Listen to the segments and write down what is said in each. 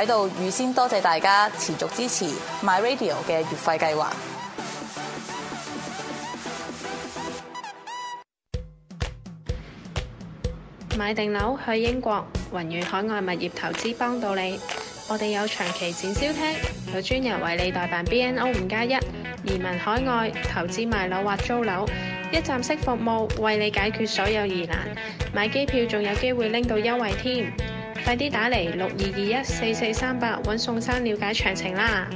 喺度預先多謝大家持續支持 MyRadio 嘅月費計劃。買定樓去英國，雲越海外物業投資幫到你。我哋有長期展銷廳，有專人為你代辦 BNO 五加一移民海外投資買樓或租樓，一站式服務為你解決所有疑難。買機票仲有機會拎到優惠添。快啲打嚟六二二一四四三八，搵宋生了解詳情啦！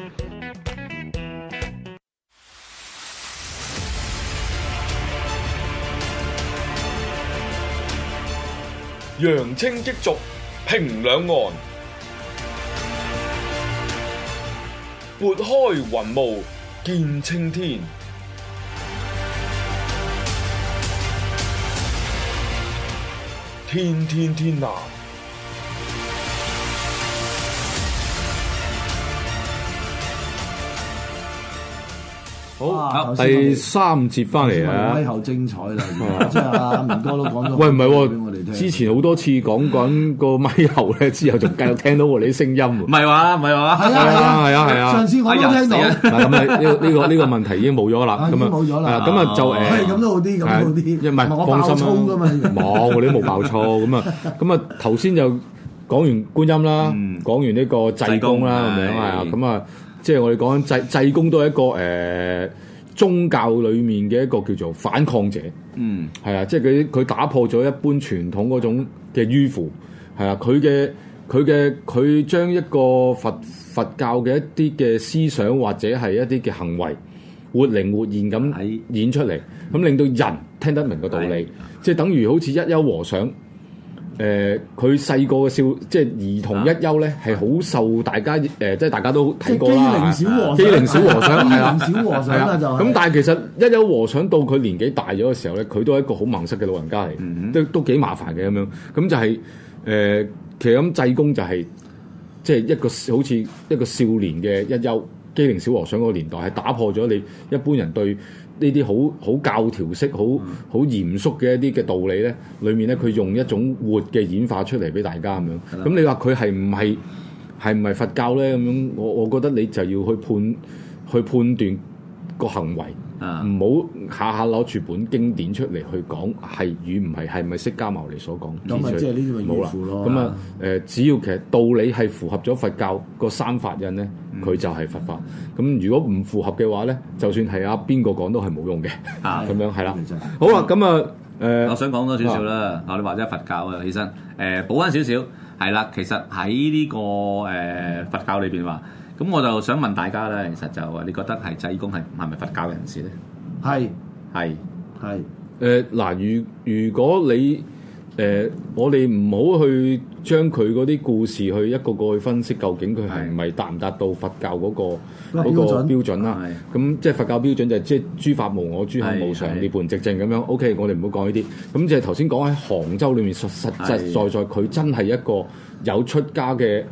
揚清激濁，平兩岸；撥開雲霧，見青天。天天天藍！第三節翻嚟啊！咪後精彩啦，真係啊！文哥都講咗，喂唔係喎，我哋之前好多次講緊個咪後咧，之後仲繼續聽到喎你啲聲音喎。唔係話，唔係話，係啊係啊係啊！上次我都聽到。咁啊，呢個呢個呢個問題已經冇咗啦。咁啊冇咗啦。咁啊就誒，咁都好啲，咁都好啲。唔係放心。錯冇，我都冇爆錯。咁啊，咁啊，頭先就講完觀音啦，講完呢個濟公啦，咁樣啊，咁啊。即係我哋講緊濟濟公都係一個誒、呃、宗教裏面嘅一個叫做反抗者，嗯，係啊，即係佢佢打破咗一般傳統嗰種嘅迂腐，係啊，佢嘅佢嘅佢將一個佛佛教嘅一啲嘅思想或者係一啲嘅行為活靈活現咁演出嚟，咁、哎、令到人聽得、得明個道理，即係、哎、等於好似一休和尚。誒，佢細個嘅少，即係兒童一休咧，係好受大家誒、呃，即係大家都睇過啦吓。機靈小和尚，機靈小和尚，係啊小和尚。咁但係其實一休和尚到佢年紀大咗嘅時候咧，佢都係一個好盲塞嘅老人家嚟，都都幾麻煩嘅咁樣。咁就係、是、誒、呃，其實咁濟公就係即係一個好似一個少年嘅一休。機靈小和尚個年代係打破咗你一般人對呢啲好好教條式好好嚴肅嘅一啲嘅道理咧，裏面咧佢用一種活嘅演化出嚟俾大家咁樣，咁、嗯、你話佢係唔係係唔係佛教咧？咁樣我我覺得你就要去判去判斷個行為。唔好下下攞住本經典出嚟去講係與唔係，係咪釋迦牟尼所講？咁咪即係呢啲咪冇啦。咁啊，誒，只要其實道理係符合咗佛教個三法印咧，佢就係佛法。咁如果唔符合嘅話咧，就算係阿邊個講都係冇用嘅。啊，咁樣係啦。好啦，咁啊，誒，我想講多少少啦。我哋或者佛教啊，起身誒補翻少少。係啦，其實喺呢個誒佛教裏邊話。咁我就想問大家咧，其實就你覺得係濟公係係咪佛教人士咧？係係係。誒嗱、呃，如果如果你誒、呃，我哋唔好去將佢嗰啲故事去一個個去分析，究竟佢係唔係達唔達到佛教嗰、那個嗰是個標準啦？咁即係佛教標準就係即係諸法無我、諸行無常、涅盤直正」咁樣。OK，我哋唔好講呢啲。咁就頭先講喺杭州裏面實實實在在，在，佢真係一個有出家嘅。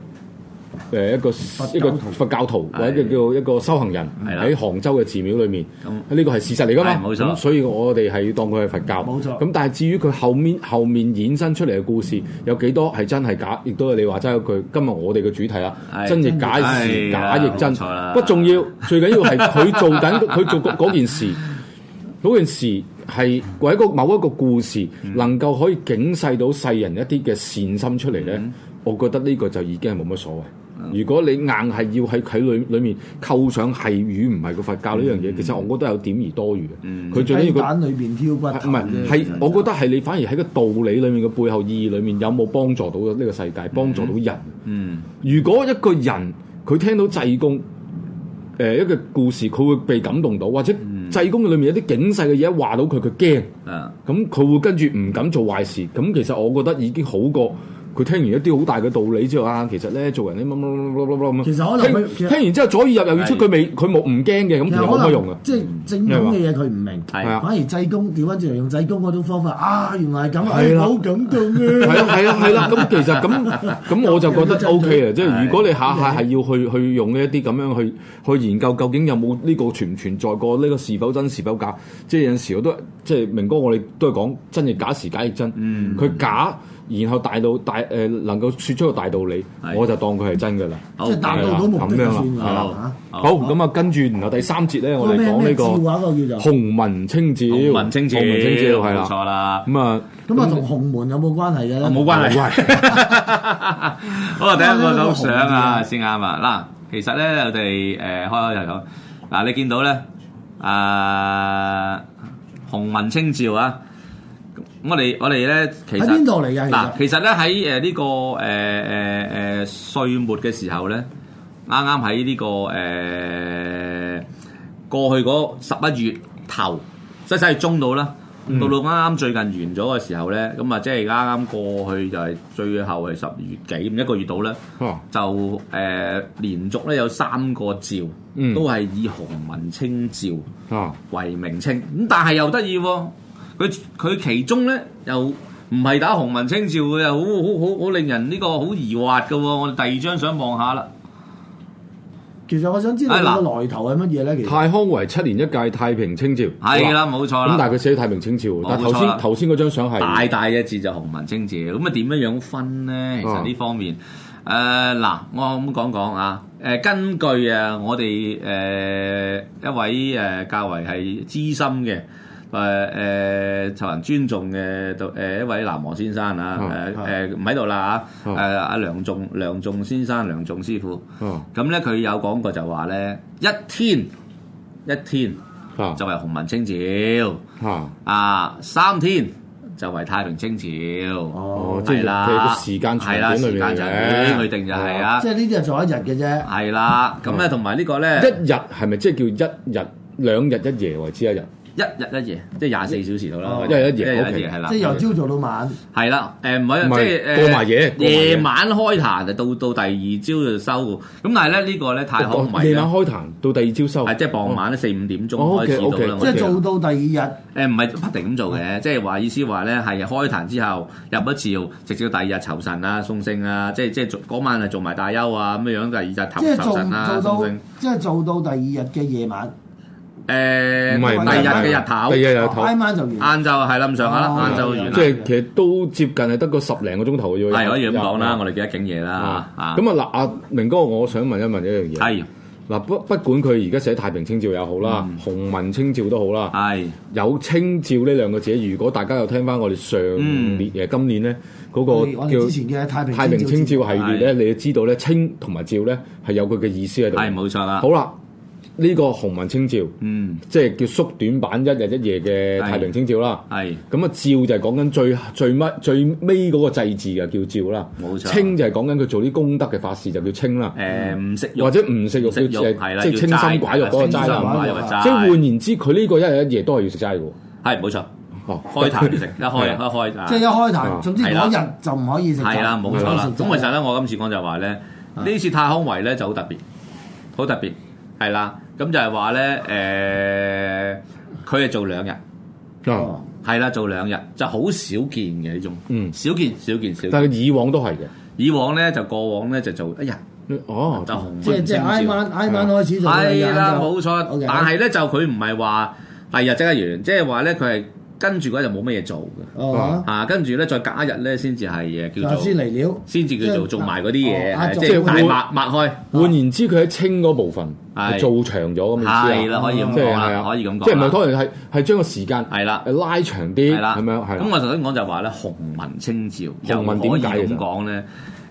誒一個一個佛教徒或者叫一個修行人喺杭州嘅寺廟裏面，呢個係事實嚟㗎嘛。咁所以我哋係當佢係佛教。冇錯。咁但係至於佢後面後面衍生出嚟嘅故事有幾多係真係假，亦都係你話齋一句。今日我哋嘅主題啦，真作假時，假亦真，不重要。最緊要係佢做緊佢做嗰件事，嗰件事係為一個某一個故事，能夠可以警示到世人一啲嘅善心出嚟咧。我覺得呢個就已經係冇乜所謂。如果你硬係要喺佢裏裏面扣上係儒唔係個佛教呢樣嘢，其實我覺得有點而多餘嘅。佢最緊、嗯、要佢喺雞蛋裏邊挑骨。唔係、啊，係我覺得係你反而喺個道理裏面嘅背後意義裏面，有冇幫助到呢個世界，幫、嗯、助到人？嗯，如果一個人佢聽到濟公誒一個故事，佢會被感動到，或者濟公裏面有啲警世嘅嘢話到佢，佢驚。嗯。咁佢會跟住唔敢做壞事。咁其實我覺得已經好過。佢聽完一啲好大嘅道理之後啊，其實咧，做人咧，其實可能聽完之後左耳入右耳出，佢未佢冇唔驚嘅，咁其實冇乜用啊。即係正統嘅嘢，佢唔明，反而濟公調翻轉嚟用濟公嗰種方法啊，原來係咁，好感動嘅。係啊係啊係啦，咁其實咁咁我就覺得 O K 啊，即係如果你下下係要去去用呢一啲咁樣去去研究究竟有冇呢個存唔存在過呢個是否真是否假？即係有陣時我都即係明哥，我哋都係講真作假，時假亦真。佢假。然後大到大誒能夠説出個大道理，我就當佢係真嘅啦。即係大到都冇得算啦。好咁啊，跟住然後第三節咧，我哋講呢個。嗰個咩？呢叫話，嗰個叫做洪文清醮。洪文清醮，冇錯啦。咁啊，咁啊，同洪門有冇關係嘅咧？冇關係。好啊，第一個相啊，先啱啊。嗱，其實咧，我哋誒開開又講嗱，你見到咧，啊洪文清醮啊。我哋我哋咧，其實嗱，其實咧喺誒呢、這個誒誒誒歲末嘅時候咧，啱啱喺呢個誒、呃、過去嗰十一月頭，即係中到啦，到到啱啱最近完咗嘅時候咧，咁啊即係啱啱過去就係最後係十二月幾一個月度咧，啊、就誒、呃、連續咧有三個醮，嗯、都係以洪文清醮為名稱，咁、啊、但係又得意喎。佢佢其中咧又唔係打洪文清醮嘅，好好好好令人呢個好疑惑嘅喎。我哋第二張相望下啦。其實我想知道佢嘅來頭係乜嘢咧？其實泰康圍七年一屆太平清醮係啦，冇錯啦。咁但係佢寫太平清醮，但係頭先頭先嗰張相係大大一字就洪文清醮。咁啊點樣樣分咧？其實呢方面誒嗱，我咁講講啊誒，根據啊我哋誒一位誒較為係資深嘅。誒誒受人尊重嘅誒一位南王先生啊，誒誒唔喺度啦嚇，誒阿梁仲梁仲先生、梁仲師傅，咁咧佢有講過就話咧，一天一天就係洪文清醮，啊三天就為太平清醮，哦，係啦，時間係啦，時間就係佢定就係啊，即係呢啲係做一日嘅啫，係啦，咁咧同埋呢個咧，一日係咪即係叫一日兩日一夜為之一日？一日一夜，即係廿四小時到啦。一日一夜，係啦。即係由朝做到晚。係啦，誒唔係即係過埋夜。夜晚開壇就到到第二朝就收。咁但係咧呢個咧太好唔係。夜晚開壇到第二朝收。即係傍晚咧四五點鐘開始到啦。即係做到第二日誒，唔係不停咁做嘅，即係話意思話咧係開壇之後入一朝，直至到第二日酬神啊、送聖啊，即係即係嗰晚啊做埋大休啊咁樣，第二日酬神啦、即係做到第二日嘅夜晚。誒，唔係，第日嘅日頭，第啊，日頭，今晚就晏晝係啦，咁上下啦，晏晝即係其實都接近係得個十零個鐘頭嘅啫，係可以咁講啦。我哋記得景嘢啦，咁啊嗱，阿明哥，我想問一問一樣嘢。係嗱，不不管佢而家寫太平清醮又好啦，洪文清醮都好啦，係有清醮呢兩個字。如果大家有聽翻我哋上年嘅今年咧，嗰個叫之前嘅太平清醮系列咧，你要知道咧，清同埋醮咧係有佢嘅意思喺度。係冇錯啦。好啦。呢個洪文清醮，即係叫縮短版一日一夜嘅太平清醮啦。咁啊，醮就係講緊最最乜最尾嗰個祭祀，就叫醮啦。清就係講緊佢做啲功德嘅法事就叫清啦。誒，唔食肉或者唔食肉叫係即係清心寡欲嗰個齋啦。即係換言之，佢呢個一日一夜都係要食齋嘅喎。係冇錯。開台食一開一開啊！即係一開台，總之嗰日就唔可以食。係啦，冇錯啦。咁其實咧，我今次講就話咧，呢次太康圍咧就好特別，好特別係啦。咁就係話咧，誒、呃，佢係做兩日，哦、啊，係啦、嗯，做兩日，就好少見嘅呢種，嗯少，少見少見少。但係以往都係嘅，以往咧就過往咧就做一日，哎、呀哦，就即係即係挨晚挨晚開始做一係啦，冇錯，但係咧就佢唔係話第二日即刻完，即係話咧佢係。跟住就冇乜嘢做嘅，啊，跟住咧再隔一日咧先至係叫做先嚟料，先至叫做做埋嗰啲嘢，即係大抹抹開。換言之，佢喺清嗰部分係做長咗咁樣啊，即係係啊，可以咁講，即係唔係當然係係將個時間係啦拉長啲，係咪？係咁，我頭先講就話咧洪文清醮又點解咁講咧？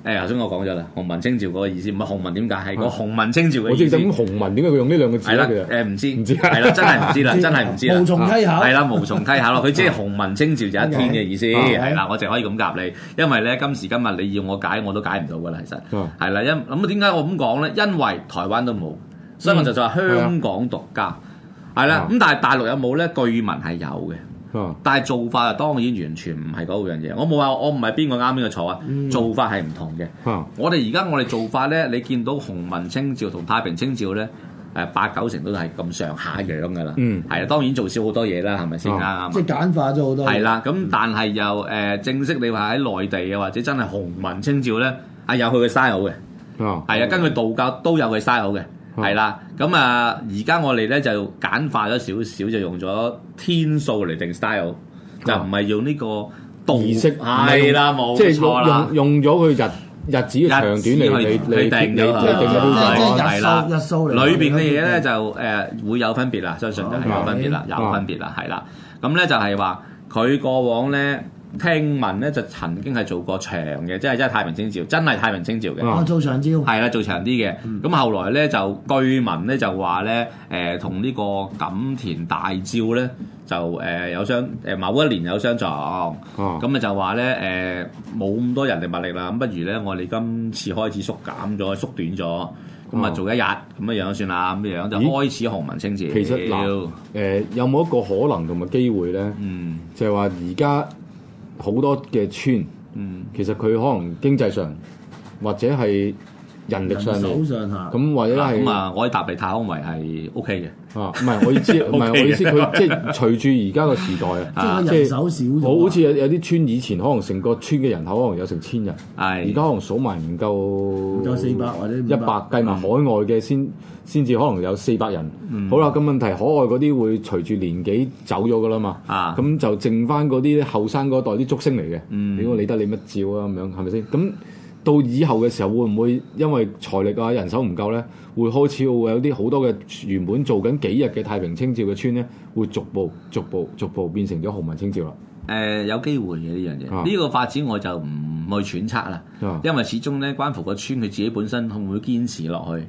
誒，頭先、哎、我講咗啦，洪文清醮個意思，唔係洪文點解？係個洪文清醮嘅意思。我、呃、洪文點解佢用呢兩個字？係啦，誒唔知，唔知係啦，真係唔知啦，知真係唔知啦、啊。無從稽考。係啦，無從稽考咯。佢即係洪文清醮就一天嘅意思。係啦、啊啊，我淨可以咁夾你，因為咧今時今日你要我解，我都解唔到噶啦，其實係啦。因咁啊，點解我咁講咧？因為台灣都冇，所以我就就話香港獨家係啦。咁、嗯、但係大陸有冇咧？據聞係有嘅。嗯、但係做法啊，當然完全唔係嗰樣嘢。我冇話我唔係邊個啱邊個錯啊。做法係唔同嘅。嗯嗯、我哋而家我哋做法咧，你見到洪文清醮同太平清醮咧，誒、呃、八九成都係咁上下樣㗎啦。係啊、嗯，當然做少好多嘢啦，係咪先啊？吧即係簡化咗好多。係啦，咁但係又誒、呃、正式你話喺內地啊，或者真係洪文清醮咧，啊有佢嘅 style 嘅。係啊、嗯，根據道教都有佢 style 嘅。係啦，咁啊，而家我哋咧就簡化咗少少，就用咗天數嚟定 style，就唔係用呢個動式係啦，冇，即係用用用咗佢日日子嘅長短嚟嚟嚟嚟定，即係一 show 一 show 嚟。裏邊嘅嘢咧就誒會有分別啦，相信就係有分別啦，有分別啦，係啦。咁咧就係話佢過往咧。聽聞咧就曾經係做過長嘅，即係即係太平清醮，真係太平清醮嘅。哦、啊，做長醮。係啦、嗯，做長啲嘅。咁後來咧就據聞咧就話咧，誒同呢個錦田大醮咧就誒、呃、有相誒、呃、某一年有相撞。咁啊就話咧誒冇咁多人力物力啦，咁不如咧我哋今次開始縮減咗、縮短咗，咁啊做一日咁嘅樣算啦，咁嘅樣就開始洪文清醮。其實要，誒實、呃、有冇一個可能同埋機會咧？嗯，就係話而家。好多嘅村，嗯，其實佢可能經濟上或者係。人力上上落，咁或者係咁啊。我搭地泰康圍係 O K 嘅。哦，唔係我意思，唔係我意思，佢即係隨住而家個時代啊，即係手少，我好似有有啲村以前可能成個村嘅人口可能有成千人，係而家可能數埋唔夠，唔夠四百或者一百，計埋海外嘅先先至可能有四百人。好啦，咁問題海外嗰啲會隨住年紀走咗噶啦嘛，啊，咁就剩翻嗰啲後生嗰代啲足星嚟嘅，你會理得你乜照啊？咁樣係咪先？咁到以後嘅時候，會唔會因為財力啊、人手唔夠咧，會開始會有啲好多嘅原本做緊幾日嘅太平清醮嘅村咧，會逐步逐步逐步變成咗洪文清醮啦。誒、呃，有機會嘅呢樣嘢，呢、啊、個發展我就唔去揣測啦，啊、因為始終咧關乎個村佢自己本身會唔會堅持落去，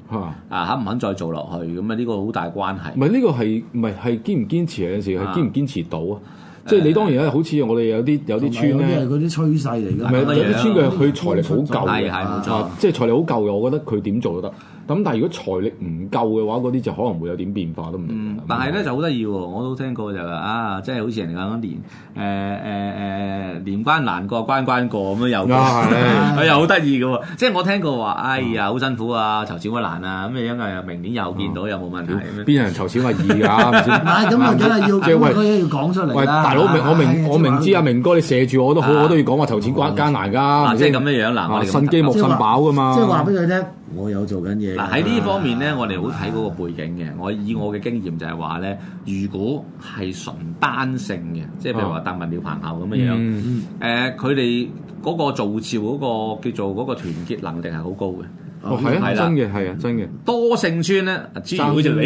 啊，肯唔肯再做落去，咁啊呢個好大關係。唔係呢個係唔係係堅唔堅持嘅事，係堅唔堅持到啊？即係你當然啊，好似我哋有啲有啲村咧，係嗰啲趨勢嚟㗎。唔係是有啲村佢財力好夠嘅，係冇錯，即係財力好夠嘅，我覺得佢點做都得。咁但係如果財力唔夠嘅話，嗰啲就可能會有點變化都唔明。但係咧就好得意喎，我都聽過就啊，即係好似人哋講年誒誒誒年關難過關關過咁樣又，係啊，又好得意嘅喎。即係我聽過話，哎呀，好辛苦啊，籌錢好難啊，咁因為，明年又見到有冇問題？邊人籌錢咁易㗎？唔係，咁咪梗係要即要講出嚟啦。大佬明，我明，我明知阿明哥，你射住我都好，我都要講話籌錢關艱難㗎。即係咁嘅樣嗱，我信機冇信飽㗎嘛。即係話俾佢聽。我有做緊嘢嗱，喺呢方面咧，啊、我哋好睇嗰個背景嘅。啊、我以我嘅經驗就係話咧，如果係純單姓嘅，即係、啊、譬如話搭文調棚後咁樣樣，誒、嗯，佢哋嗰個造召嗰、嗰個叫做嗰個團結能力係好高嘅。哦，係啊，真嘅，係啊，真嘅。多姓村咧，支持會就爭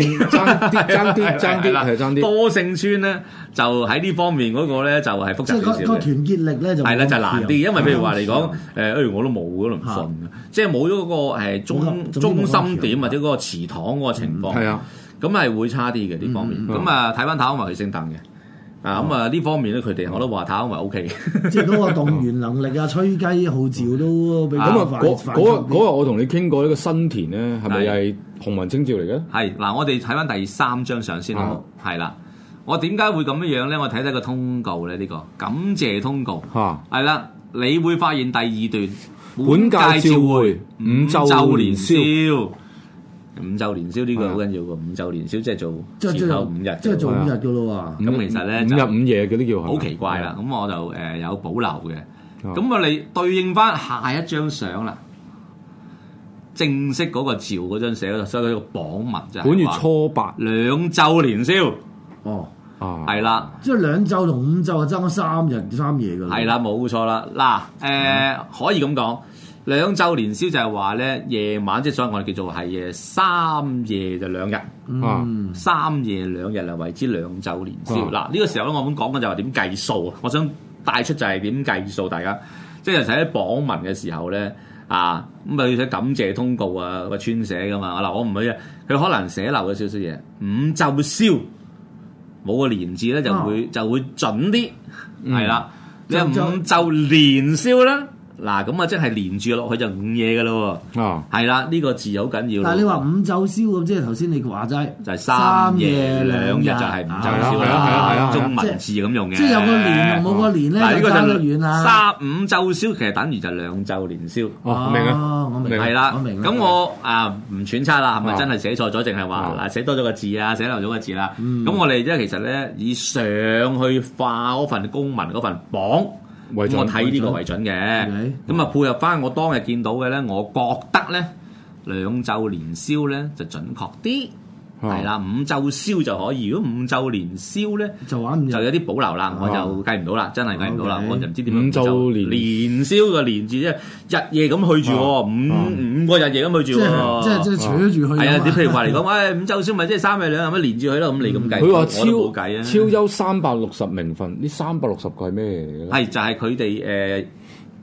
啲，爭啲，爭啲，係啦，係爭啲。多姓村咧，就喺呢方面嗰個咧，就係複雜啲少少。個團結力咧就係啦，就難啲，因為譬如話嚟講，誒，譬如我都冇嗰輪信，即係冇咗嗰個誒中中心點或者嗰個祠堂嗰個情況，係啊，咁係會差啲嘅呢方面。咁啊，睇翻頭，我咪係姓鄧嘅。啊咁啊呢方面咧，佢哋、嗯、我都話睇到 O K，即係嗰個動員能力啊，嗯、吹雞號召都比較咁啊！嗰日我同你傾過呢、這個新田咧，係咪係洪文正醮嚟嘅？係嗱，我哋睇翻第三張相先咯，係啦、啊，我點解會咁樣樣咧？我睇睇個通告咧，呢、這個感謝通告嚇係啦，你會發現第二段，本屆召會五週連宵。五晝連宵呢個好緊要嘅，啊、五晝連宵即係做前後五日，即係做五日嘅咯喎。咁其實咧，五日五夜佢都叫好奇怪啦。咁、啊、我就誒有保留嘅。咁、啊、我嚟對應翻下一張相啦，正式嗰個朝嗰張寫嗰度，所以一個榜文就係。本月初八兩晝連宵。哦，係啦了。即係兩晝同五晝啊，爭咗三日三夜嘅啦。係啦，冇錯啦。嗱，誒可以咁講。兩晝連宵就係話咧夜晚，即係所以我哋叫做係夜三夜就兩日，啊、嗯、三夜兩日嚟為之兩晝連宵。嗱呢、啊這個時候咧，我咁講嘅就係點計數啊？我想帶出就係點計數，大家即係其實喺榜文嘅時候咧啊，咁啊要寫感謝通告啊，個村寫噶嘛。嗱，我唔去啊，佢可能寫漏咗少少嘢。五晝宵冇個連字咧、啊，就會就會準啲，係、嗯、啦，即係、嗯、五晝連宵啦。嗱，咁啊，即係連住落去就五夜噶咯喎，係啦，呢個字好緊要。但係你話五晝宵咁，即係頭先你話齋，就係三夜兩日就係五晝宵，即係中文字咁用嘅。即係有個連，冇個連咧，呢，差、啊、得遠啦。三五晝宵其實等於就兩晝連宵。哦，明啦，我明。係啦，咁我啊唔揣測啦，係咪真係寫錯咗，定係話嗱寫多咗個字啊，寫漏咗個字啦？咁、嗯、我哋即係其實咧，以上去化嗰份公文嗰份榜。我睇呢個為準嘅，咁啊中配合翻，我當日見到嘅咧，我覺得咧兩晝連宵咧就準確啲。係啦，五朝醮就可以。如果五朝連醮咧，就玩就有啲保留啦，我就計唔到啦，真係計唔到啦，我就唔知點樣。五朝連連醮嘅連字即係日夜咁去住，五五個日夜咁去住。即係即係扯住去。係啊，你譬如話嚟講，誒，五朝醮咪即係三日兩日咁連住佢咯。咁你咁計，佢話超超幽三百六十名份，呢三百六十個係咩嘢？係就係佢哋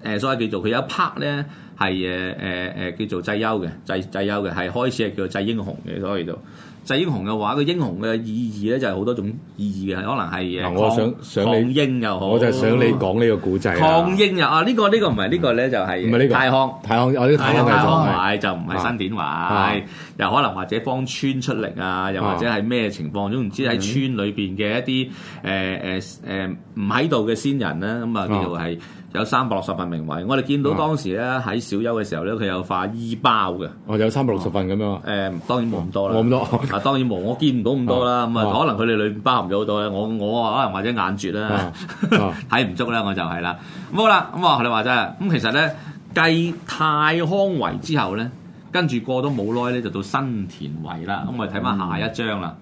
誒誒所謂叫做佢有一 part 咧係誒誒誒叫做祭幽嘅，祭祭幽嘅係開始係叫做祭英雄嘅，所以就。制英雄嘅話，個英雄嘅意義咧就係好多種意義嘅，可能係……嗱，我想想你，英就好我就係想你講呢個古仔。抗英又啊，呢、呢個呢、呢個唔係呢個咧，就係……唔係呢個。泰康、啊，泰康、就係，我呢個泰康唔就唔係新典懷，又、啊啊、可能或者幫村出力啊，又或者係咩情況？總言之，喺村裏邊嘅一啲誒誒誒唔喺度嘅先人啦，咁、嗯嗯、啊叫做係。有三百六十份名位，我哋見到當時咧喺小休嘅時候咧，佢有化衣包嘅哦、啊，有三百六十份咁樣啊。誒，當然冇咁多啦，冇咁多啊。當然冇、啊啊啊，我見唔到咁多啦。咁啊，啊可能佢哋裏面包含咗好多咧。我我啊，可能或者眼絕啦，睇唔、啊啊、 足啦，我就係啦。咁好啦，咁啊，你話真係咁其實咧繼泰康圍之後咧，跟住過咗冇耐咧，就到新田圍啦。咁我哋睇翻下一張啦，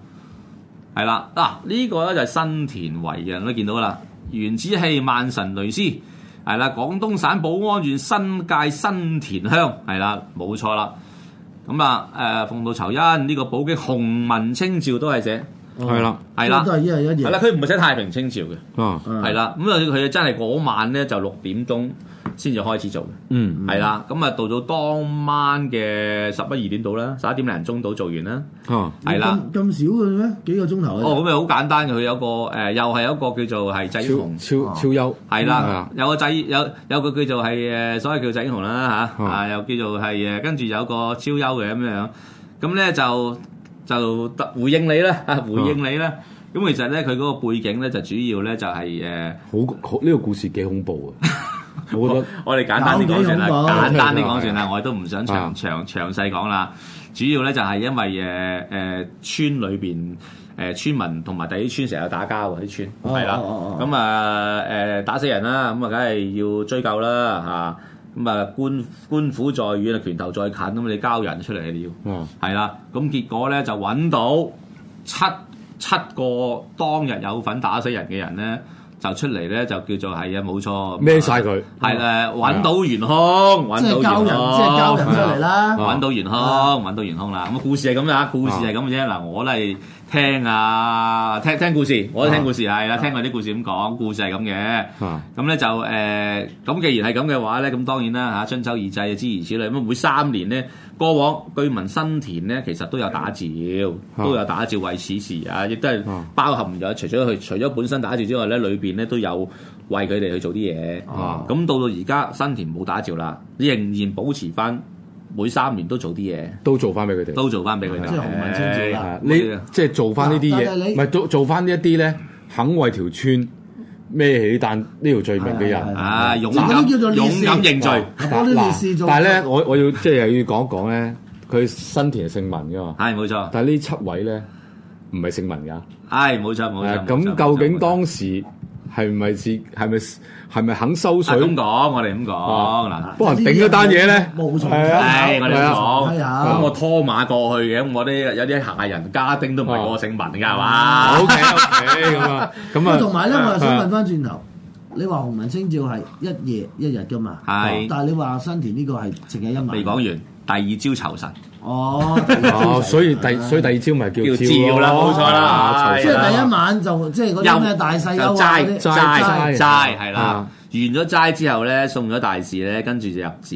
係啦嗱，呢、啊啊這個咧就係新田圍嘅人都見到啦。原子氣萬神雷，雷斯。係啦，廣東省寶安縣新界新田鄉，係啦，冇錯啦。咁啊，誒奉道酬恩呢個寶記洪文清醮都係寫，係啦、哦，係啦的，都係一樣。係啦的，佢唔係寫太平清醮嘅，係啦。咁啊，佢真係嗰晚咧就六點鐘。先至開始做，嗯，係啦，咁啊，到咗當晚嘅十一二點度啦，十一點零鐘度做完啦，哦，係啦，咁少嘅咩？幾個鐘頭哦，咁咪好簡單嘅，佢有個誒，又係有一個叫做係祭英雄，超超超幽，係啦，有個祭，有有個叫做係誒，所謂叫做祭英雄啦吓，啊，又叫做係誒，跟住有個超幽嘅咁樣，咁咧就就答回應你啦，啊，回應你啦，咁其實咧，佢嗰個背景咧，就主要咧就係誒，好好呢個故事幾恐怖啊！我我哋簡單啲講先啦，簡單啲講先啦，我哋都唔想詳詳詳細講啦。主要咧就係因為誒誒村裏邊誒村民同埋第啲村成日打交喎，啲村係啦。咁啊誒打死人啦，咁啊梗係要追究啦嚇。咁啊官官府在遠，拳頭在近，咁你交人出嚟你要。哦、啊啊啊嗯，係啦。咁結果咧就揾到七七個當日有份打死人嘅人咧。就出嚟咧，就叫做係啊，冇錯是，孭晒佢，係啦，揾到元兇，揾、啊、到元兇，揾到元兇，揾到元兇啦。咁啊，故事係咁啊，故事係咁啫。嗱，我嚟聽啊，聽聽故事，我都聽故事係啊，聽佢啲故事咁講，故事係咁嘅。咁咧、啊、就誒，咁、呃、既然係咁嘅話咧，咁當然啦嚇，春秋二祭諸如此類，咁每三年咧。過往據聞新田咧，其實都有打醮，啊、都有打醮為此事啊，亦都係包含咗、啊，除咗佢，除咗本身打醮之外咧，裏邊咧都有為佢哋去做啲嘢啊。咁、嗯、到到而家新田冇打醮啦，仍然保持翻每三年都做啲嘢，都做翻俾佢哋，都做翻俾佢哋。即係洪文三醮你即係做翻呢啲嘢，唔係做做翻呢一啲咧，肯為條村。咩起？但呢條罪名嘅人，啊，勇敢勇敢認罪。但係咧，我我要即係要講一講咧，佢新田係姓文㗎嘛。係冇錯。但係呢七位咧，唔係姓文㗎。係冇錯冇錯。咁究竟當時係唔係是係咪？係咪肯收？想講，我哋咁講嗱，幫人頂一單嘢咧，冇錯，係我哋講，咁我拖馬過去嘅，咁我啲有啲下人家丁都唔係個姓文嘅係嘛？OK OK 咁啊咁啊！咁同埋咧，我又想問翻轉頭，你話洪文清醮係一夜一日㗎嘛？係，但係你話新田呢個係淨係一晚未講完。第二朝酬神哦，所以第所以第二朝咪叫醮啦，冇錯啦，即係第一晚就即係有咩大士齋齋齋係啦，完咗齋之後咧送咗大士咧，跟住就入寺。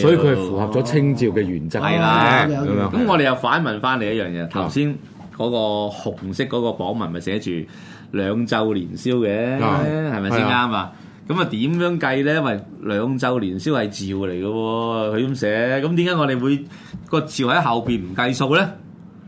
所以佢係符合咗清醮嘅原則係啦。咁我哋又反問返你一樣嘢，頭先嗰個紅色嗰個榜文咪寫住兩晝連宵嘅，係咪先啱啊？咁啊點樣計咧？因為兩晝連宵係醮嚟嘅喎，佢咁寫，咁點解我哋會個醮喺後邊唔計數咧？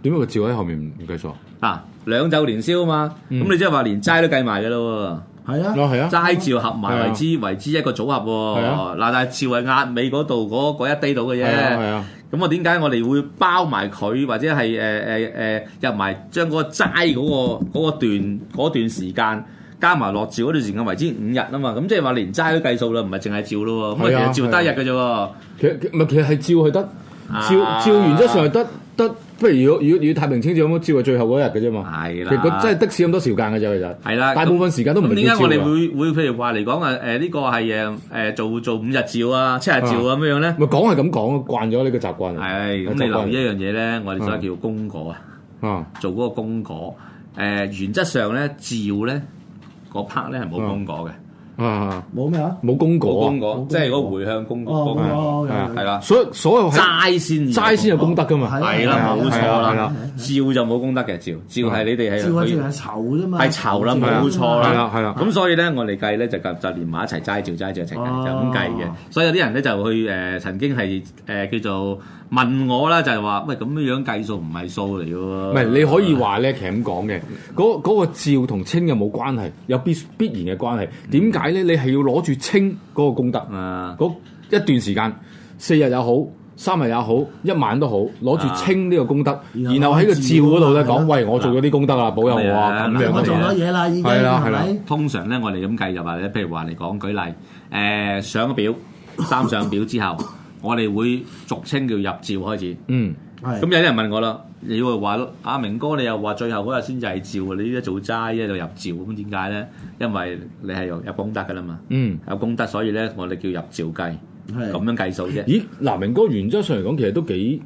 點解個醮喺後面唔唔計數？啊，兩晝連宵啊嘛，咁、嗯、你即係話連齋都計埋嘅咯喎。係啊，係啊，齋醮合埋為之為之一個組合喎、哦。嗱，但係醮係壓尾嗰度嗰一啲度嘅啫。係啊，咁、啊啊啊、我點解我哋會包埋佢或者係誒誒誒入埋將嗰齋嗰、嗰個嗰、嗰個段嗰段時間？加埋落照嗰段時間為之五日啊嘛，咁即係話連齋都計數啦，唔係淨係照咯，咁其實照得一日嘅啫、啊。其實唔係照係得，照照原則上係得得。不如如果如果要太平清照咁照係最後嗰一日嘅啫嘛。係啦的，其實真係的士咁多時間嘅啫，其實的。係啦。大部分時間都唔會照。咁點解我哋會會譬如話嚟講啊？誒呢個係誒誒做做五日照啊、七日照啊咁樣咧？咪講係咁講，慣咗呢個習慣。係。咁你留意一樣嘢咧，我哋所謂叫功果啊、嗯。做嗰個功果，誒、呃、原則上咧照咧。個 part 咧係冇功果嘅，啊冇咩啊？冇功果，冇功果，即係如果回向功，係啦，所以所有齋先齋先有功德㗎嘛，係啦，冇錯啦，照就冇功德嘅，照照係你哋係照啊照係酬啫嘛，係酬啦，冇錯啦，係啦，咁所以咧我哋計咧就就連埋一齊齋照齋照一齊，就咁計嘅。所以有啲人咧就去誒曾經係誒叫做。問我啦，就係話，喂咁樣樣計數唔係數嚟嘅喎。唔係你可以話咧，其實咁講嘅，嗰個照同清又冇關係，有必必然嘅關係。點解咧？你係要攞住清嗰個功德，嗰一段時間，四日又好，三日又好，一晚都好，攞住清呢個功德，然後喺個照嗰度咧講，喂，我做咗啲功德啦，保佑我，啊。」我做咗嘢啦，已經係咪？通常咧，我哋咁計就話咧，譬如話嚟講，舉例，誒上個表，三上表之後。我哋會俗稱叫入醮開始，嗯，咁有啲人問我啦，你話話阿明哥，你又話最後嗰日先就係醮，醮，你依家做齋咧就入醮。」咁點解咧？因為你係有功德噶啦嘛，嗯，有功德，所以咧我哋叫入醮計，咁、嗯、樣計數啫。咦，嗱明哥原則上嚟講其實都幾，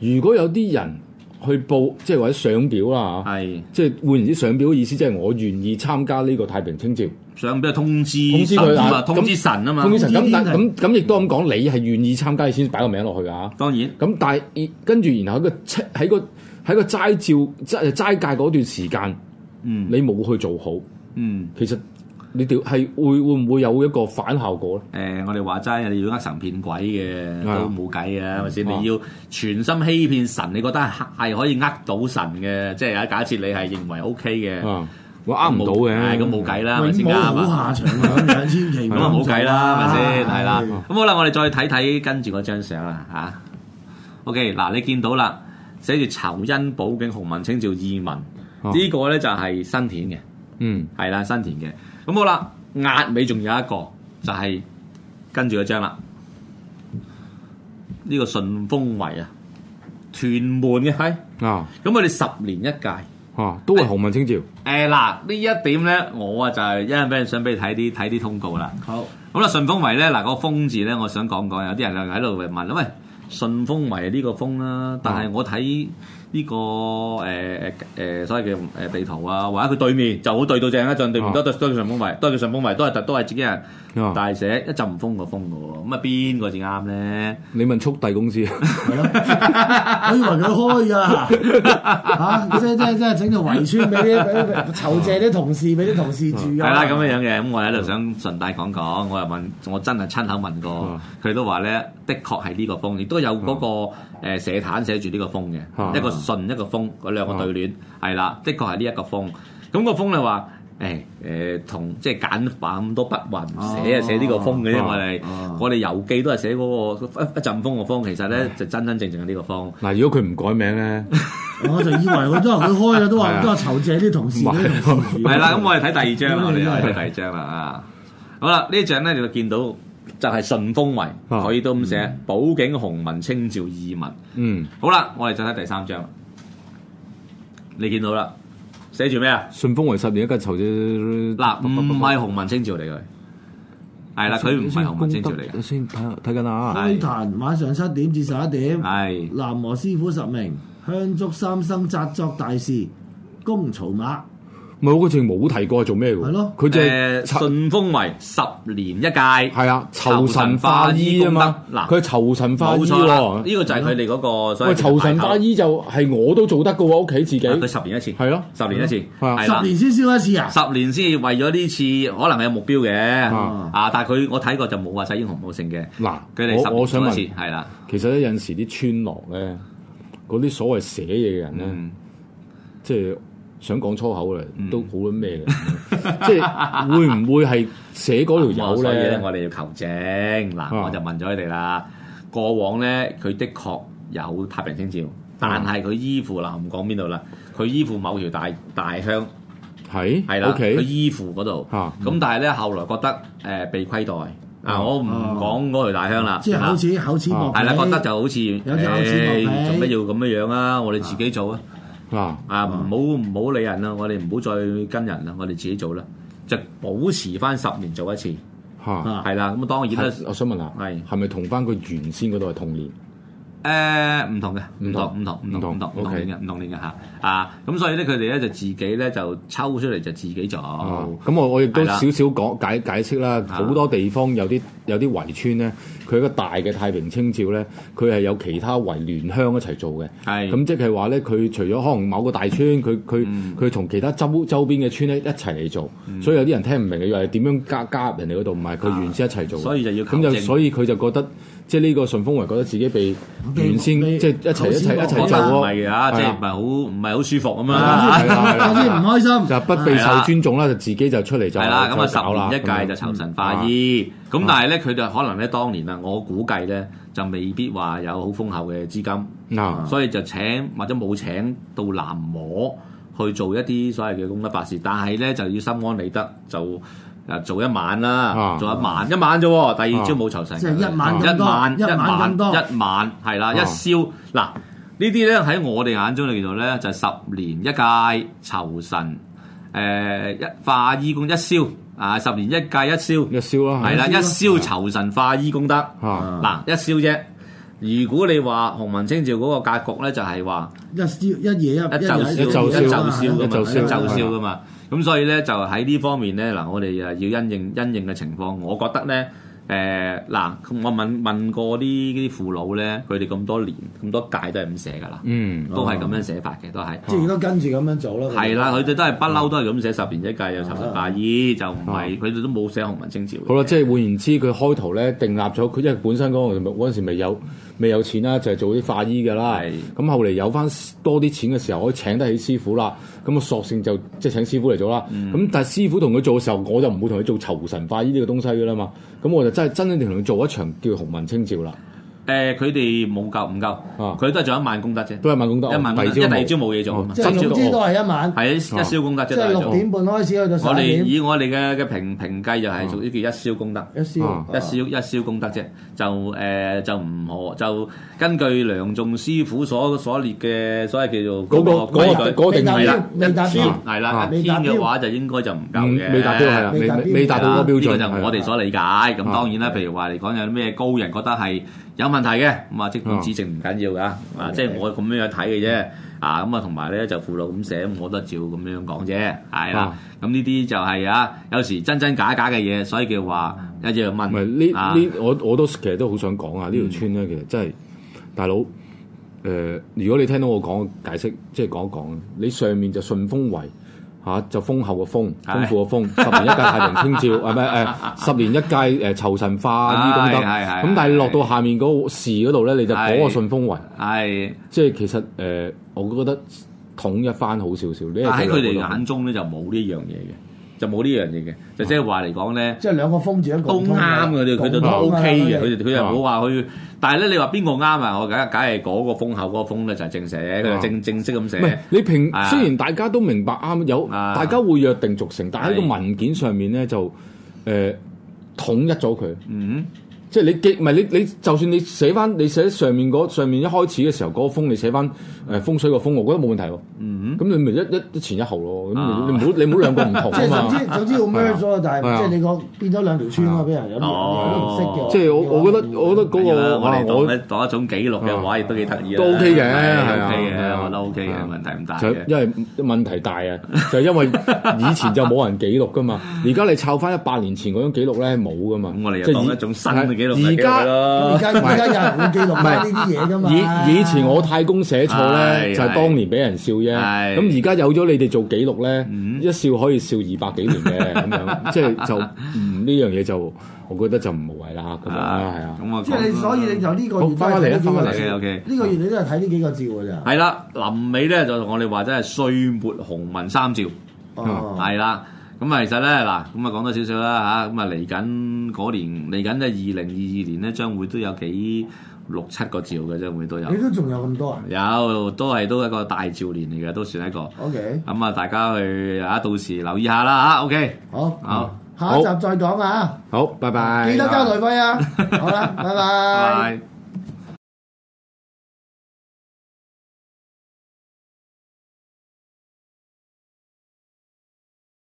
如果有啲人。去報即係或者上表啦嚇，係即係換言之，上表嘅意思即係、就是、我願意參加呢個太平清醮。上表通知神啊嘛，通知，通知神啊嘛。通知神咁但咁咁亦都咁講，嗯、你係願意參加你先擺個名落去㗎嚇。當然。咁但係跟住然後喺個喺個喺個，個齋照齋齋戒嗰段時間，嗯，你冇去做好，嗯，其實。你係會會唔會有一個反效果咧？誒，我哋話齋，你要呃神騙鬼嘅都冇計嘅，係咪先？你要全心欺騙神，你覺得係係可以呃到神嘅？即係假設你係認為 OK 嘅，我呃唔到嘅，咁冇計啦，咪先？冇好下場嘅，千祈唔好冇計啦，係咪先？係啦，咁好啦，我哋再睇睇跟住嗰張相啦嚇。OK，嗱，你見到啦，寫住酬恩保境洪文清趙義文，呢個咧就係新田嘅，嗯，係啦，新田嘅。咁好啦，壓尾仲有一個就係跟住嗰張啦，呢、這個順豐圍啊，屯門嘅係啊，咁我哋十年一屆啊，都係洪文清醮。誒嗱、欸，呢、呃、一點咧，我啊就係一陣俾你想俾你睇啲睇啲通告啦。好，咁啦，順豐圍咧，嗱個豐字咧，我想講講，有啲人啊喺度問，喂，順豐圍呢個豐啦，但係我睇。嗯呢、這個誒誒誒所謂嘅誒地圖啊，或者佢對面就好對到正，一陣對面都、啊、都係順豐圍，都係順豐圍，都係都係自己人。大、啊、寫一陣風個風嘅喎，咁啊邊個至啱咧？你問速遞公司， 我以為佢開噶嚇，真真真係整個圍村俾啲，酬謝啲同事俾啲同事住。啊。係、啊、啦，咁嘅樣嘅。咁我喺度想順帶講講，我又問我真係親口問過，佢、嗯、都話咧，的確係呢個風，亦都有嗰個。嗯嗯誒社壇寫住呢個風嘅，一個信，一個風，嗰兩個對聯係啦，的確係呢一個風。咁個風你話誒誒同即係揀咁多筆雲寫啊寫呢個風嘅啫，我哋我哋郵寄都係寫嗰個一陣風個風，其實咧就真真正正係呢個風。嗱，如果佢唔改名咧，我就以為我都同佢開嘅，都話都話籌借啲同事咧。係啦，咁我哋睇第二張啦，我哋又睇第二張啦啊。好啦，呢一張咧你就見到。就係順豐圍，啊、所以都咁寫。嗯、保境洪文清醮異文。嗯，好啦，我哋就睇第三張。你見到啦，寫住咩啊？順豐圍十年一個醮字。嗱，唔係洪文清醮嚟嘅。係啦先，佢唔係洪文清醮嚟嘅。先睇睇緊啦。開壇晚上七點至十一點。係的。喃嘸師傅十名，香燭三牲紮作大事，功曹馬。唔冇嗰次冇提過做咩喎？係咯，佢就順豐圍十年一屆，係啊，酬神化衣啊嘛。嗱，佢酬神化衣，冇錯，呢個就係佢哋嗰個。喂，酬神化衣就係我都做得噶喎，屋企自己。佢十年一次，係咯，十年一次，十年先燒一次啊！十年先為咗呢次，可能係有目標嘅啊！但係佢我睇過就冇話使英雄武勝嘅嗱，佢哋十年一次係啦。其實有陣時啲村落咧，嗰啲所謂寫嘢嘅人咧，即係。想講粗口咧，都好咁咩咧？ 即係會唔會係寫嗰條友咧？嘢、嗯、所以咧，我哋要求證。嗱，我就問咗佢哋啦。過往咧，佢的確有太平清醮，但係佢依附嗱，唔講邊度啦。佢依附某條大大，大鄉係係嗎啦。O K，佢依附嗰度。咁、嗯、但係咧，後來覺得誒被虧待啊，我唔講嗰條大鄉啦。啊、嗎即係好似，厚此薄彼啦。覺得就好似誒，做咩、欸、要咁樣樣啊？我哋自己做啊！啊！啊唔好唔好理人啦，我哋唔好再跟人啦，我哋自己做啦，就保持翻十年做一次，嚇、啊，係啦，咁啊當然啦，我想問啦，係係咪同翻佢原先嗰度係同年？誒唔同嘅，唔同唔同唔同唔同 OK，嘅，唔同年嘅嚇啊！咁所以咧，佢哋咧就自己咧就抽出嚟就自己做。咁我我亦都少少講解解釋啦。好多地方有啲有啲圍村咧，佢一個大嘅太平清醮咧，佢係有其他圍聯鄉一齊做嘅。係咁即係話咧，佢除咗可能某個大村，佢佢佢同其他周周邊嘅村咧一齊嚟做。所以有啲人聽唔明嘅，以為點樣加加入人哋嗰度，唔係佢原先一齊做。所以就要咁就，所以佢就覺得。即係呢個順豐圍覺得自己被原先即係一齊一齊一齊做咯，即係唔係好唔係好舒服咁啊？有啲唔開心，就不被受尊重啦，就自己就出嚟就咁搞啦。咁啊十年一屆就酬神化衣，咁但係咧佢就可能咧當年啊，我估計咧就未必話有好豐厚嘅資金，所以就請或者冇請到喃嘸去做一啲所謂嘅功德法事，但係咧就要心安理得就。誒做一晚啦，做一晚一晚啫喎，第二朝冇酬神，一晚一晚，一晚。一晚咁係啦，一燒，嗱呢啲咧喺我哋眼中咧，原來咧就係十年一屆酬神誒一化衣功一燒啊，十年一屆一燒一燒咯，係啦一燒酬神化衣功德，嗱一燒啫。如果你話洪文清醮嗰個格局咧，就係話一燒一夜一，一就一就燒就燒嘅嘛。咁所以咧就喺呢方面咧嗱，我哋誒要因應因應嘅情況。我覺得咧誒嗱，我問問過啲啲父老咧，佢哋咁多年咁多屆都係咁寫噶啦，嗯，嗯都係咁樣寫法嘅，都係。嗯、即係都跟住咁樣做咯。係啦，佢哋都係不嬲，嗯、都係咁寫十年一屆又尋八二，就唔係佢哋都冇寫洪文三醮。好啦，即係換言之，佢開頭咧訂立咗，佢因為本身嗰陣時咪有。未有錢啦，就係、是、做啲化衣嘅啦。咁是後嚟有翻多啲錢嘅時候，可以請得起師傅啦。咁啊，索性就即係、就是、請師傅嚟做啦。咁、嗯、但係師傅同佢做嘅時候，我就唔會同佢做酬神化衣呢個東西嘅啦嘛。咁我就真係真真正同佢做一場叫洪文清醮啦。誒佢哋冇夠，唔夠，佢都係做一萬功德啫，都係萬功德，一萬一第二朝冇嘢做啊嘛，即係總之都係一萬，係一宵功德啫。即係六點半開始去到十點。我哋以我哋嘅嘅評評計就係屬於叫一宵功德，一宵一宵一宵功德啫，就誒就唔好就根據梁仲師傅所所列嘅所謂叫做嗰個嗰個嗰定係啦，未達標係啦，未達標嘅話就應該就唔夠嘅，未達標係啦，未未達到嗰標準。呢個就我哋所理解，咁當然啦。譬如話嚟講有咩高人覺得係，有問題嘅咁啊，即管指正唔緊要噶，啊即係我咁樣去睇嘅啫，啊咁啊同埋咧就父老咁寫，我都照咁樣講啫。係啦。咁呢啲就係啊，有時真真假假嘅嘢，所以叫話一樣問。唔係呢呢，我我都其實都好想講啊，呢條、嗯、村咧其實真係大佬誒、呃，如果你聽到我講解釋，即係講一講，你上面就順豐圍。啊！就豐厚嘅豐，豐富嘅豐，十年一屆太平清醮，係咪？誒，十年一屆誒，酬神化衣呢啲咁，咁的但係落到下面嗰個事嗰度咧，你就嗰個順豐圍，係即係其實誒、呃，我覺得統一翻好少少，但係喺佢哋眼中咧就冇呢樣嘢嘅。就冇呢樣嘢嘅，就是、即係話嚟講咧，即係兩個封字一個都啱嘅，佢佢就都 OK 嘅，佢佢又唔好話佢。但係咧，你話邊個啱啊？我梗係梗係嗰個封口嗰、嗰個封咧就係正寫，佢就吧正正式咁寫。唔吧你平吧雖然大家都明白啱有，吧大家會約定俗成，但喺個文件上面咧就誒、呃、統一咗佢。嗯。即係你記，唔係你你就算你寫翻你寫上面嗰上面一開始嘅時候嗰個風，你寫翻誒風水個風，我覺得冇問題喎。嗯哼，咁你咪一一前一後咯。咁你唔好你唔好兩個唔同啊嘛。即係總之總之我 merge 咗，但係即係你講變咗兩條村啊，俾人有啲人都唔識嘅。即係我我覺得我覺得嗰個我我當一種記錄嘅話亦都幾得意，都 OK 嘅，OK 嘅，我覺得 OK 嘅，問題唔大嘅。因為問題大啊，就係因為以前就冇人記錄㗎嘛，而家你抄翻一百年前嗰種記錄咧冇㗎嘛。咁我哋又當一種新。而家咯，而家有人會記錄呢啲嘢㗎嘛？以以前我太公寫錯咧，就係當年俾人笑啫。咁而家有咗你哋做記錄咧，一笑可以笑二百幾年嘅咁樣，即係就呢樣嘢就我覺得就唔無謂啦。咁樣係啊。咁我錯。所以所以你就呢個月都翻嚟啦，翻嚟 O K。呢個月你都係睇呢幾個字㗎咋。係啦，臨尾咧就同我哋話真係歲末洪文三醮。哦。係啦，咁啊其實咧嗱，咁啊講多少少啦吓，咁啊嚟緊。年嚟緊嘅二零二二年咧，將會都有幾六七個兆嘅，將會都有。你都仲有咁多啊？有，都係都係一個大兆年嚟嘅，都算一個。OK。咁啊，大家去啊，到時留意下啦嚇。OK。好。嗯、好。下一集再講啊。好，拜拜。Bye bye，記得交台費啊。 好啦，拜拜。拜。